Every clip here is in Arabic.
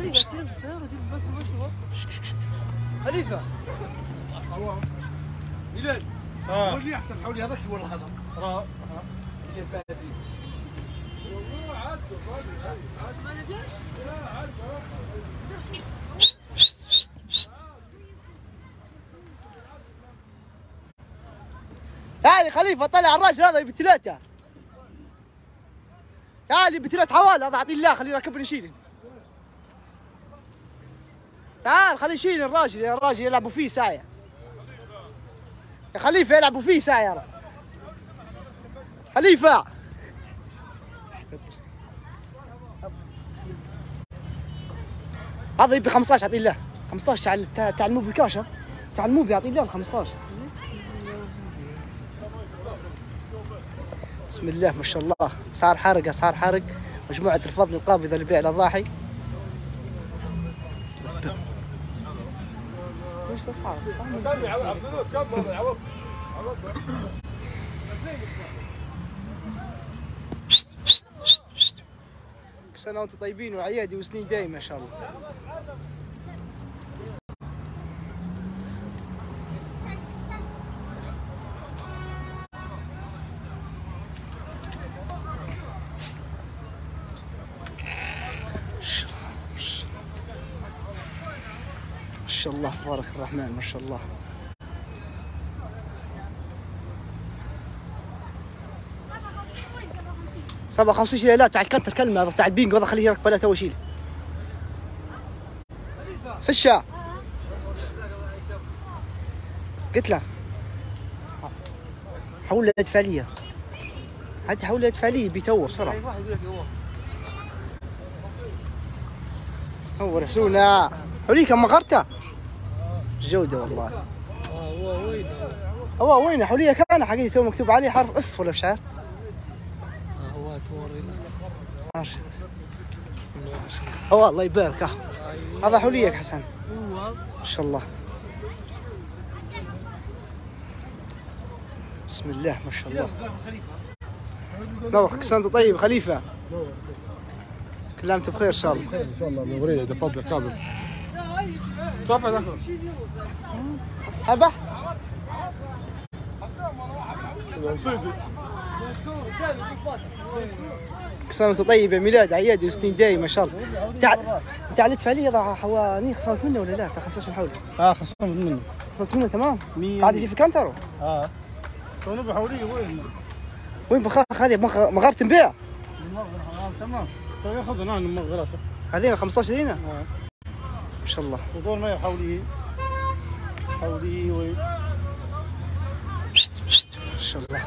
طيب، خليفة آه. حولي هذاك هو تعالي خليفه طلع الراجل هذا يبي ثلاثه تعالي يبي ثلاث حوالي هذا اعطيه الله خليه يركبني يشيلني تعال خليه يشيل الراجل يا الراجل يلعبوا فيه سايع يا خليفه يلعبوا فيه سايع خليفه هذا يبي 15 اعطيه له 15 تاع تاع الموبي كاش تاع الموبي اعطيه له 15 بسم الله ما شاء الله صار حرق صار حرق مجموعه الفضل القابضه لبيع الاضاحي مشكله صعبه صح؟ سنة وانتم طيبين وعيادي وسنين دايمة ان شاء الله شاء الله تبارك الرحمن ما شاء الله سبعة خمسين شيله لا تعال كتر كلمة هذا تعال بينج هذا خليه يركب لا تو وشيله فشة قلت له حول ادفع لي عاد حول ادفع لي بتوه بسرعة هو رسولنا حوليك مغرته جوده والله اه وين هو وين حولية كان حقيقي تو مكتوب عليه حرف اف ولا شعر اه هو توري هو الله يبارك آه. أيوة. هذا حوليك حسن ما شاء الله بسم الله ما شاء الله نورك سنت طيب خليفه كلامك بخير ان شاء الله ان شاء الله من تفضل تفضل صافي ده حبه كل سنه طيبه ميلاد عيادي وسنين داي ما شاء الله تاع تاع اللي تدفع لي حواني خسرت منه ولا لا تاع 15 حول اه خسرت منه خسرت منه تمام قاعد يجي في كانترو اه تو طيب، نبع حولي وين وين بخاخ هذه مغاره نبيع آه، تمام تو طيب، ياخذ هنا مغرته هذين 15 دينا آه. شاء الله وطول ما حوليه حوليه و ان شاء الله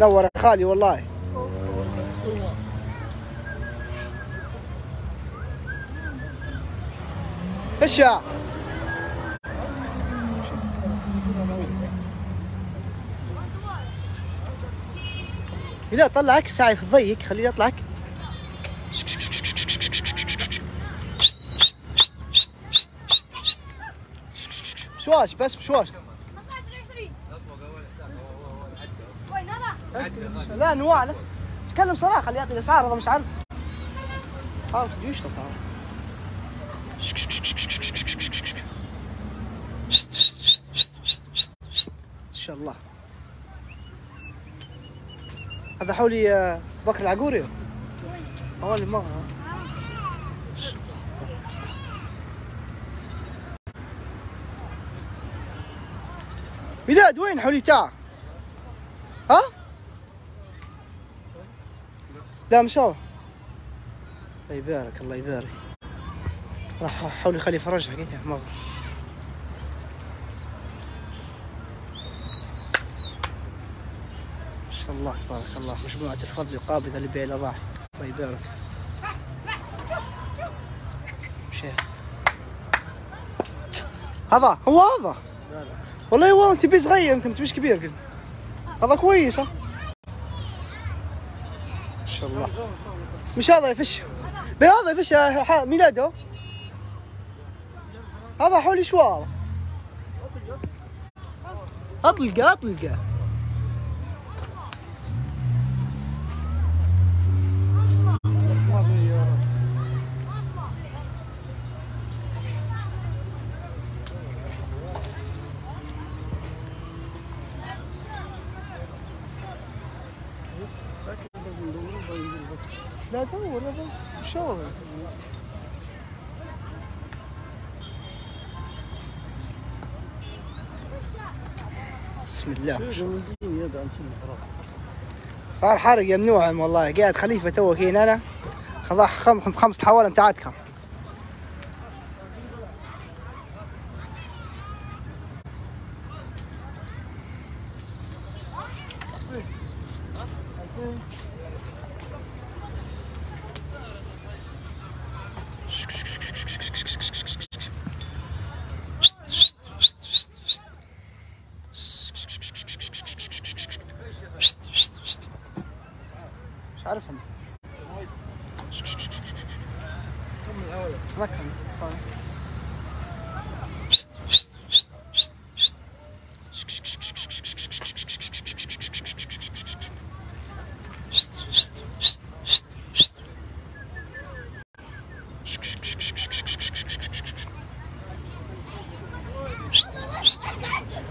نور خالي والله فشا لا طلعك ساعي في ضيق خليه يطلعك بشواش بس بشواش لا نوع تكلم صراحه خليه يعطي الاسعار هذا مش عارف عارف جيش صراحه ان شاء الله هذا حولي آه، بكر العقوري اول مره ميلاد وين حولي تاعك ها لا ان شاء الله يبارك الله يبارك راح حولي خلي فرجها حكيتها مغرب الله تبارك الله مجموعة الفضل القابضة اللي بين الأضاحي الله يبارك هذا هو هذا والله هو انت بي صغير انت ما كبير قلت هذا كويس ها ما شاء الله مش هذا يفش بي هذا يفش ميلاده هذا حولي شوار اطلقه اطلقه ثلاثة لا بس شو بسم الله صار حرق ممنوع والله قاعد خليفه تو كاين انا خضع خمس خمس الحواله نتاعتكم Thank you. عارفهم من الاول ركن صار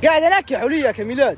قاعد انكح وليك يا ميلاد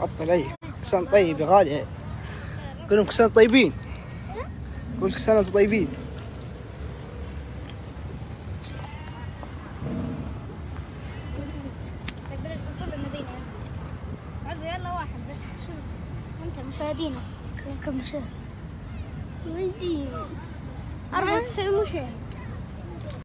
عطل اي كسان طيب يا غالي قول لهم كسان طيبين قول كسان انتم طيبين مشاهدينا كم مشاهد؟ ولدي 94 مشاهد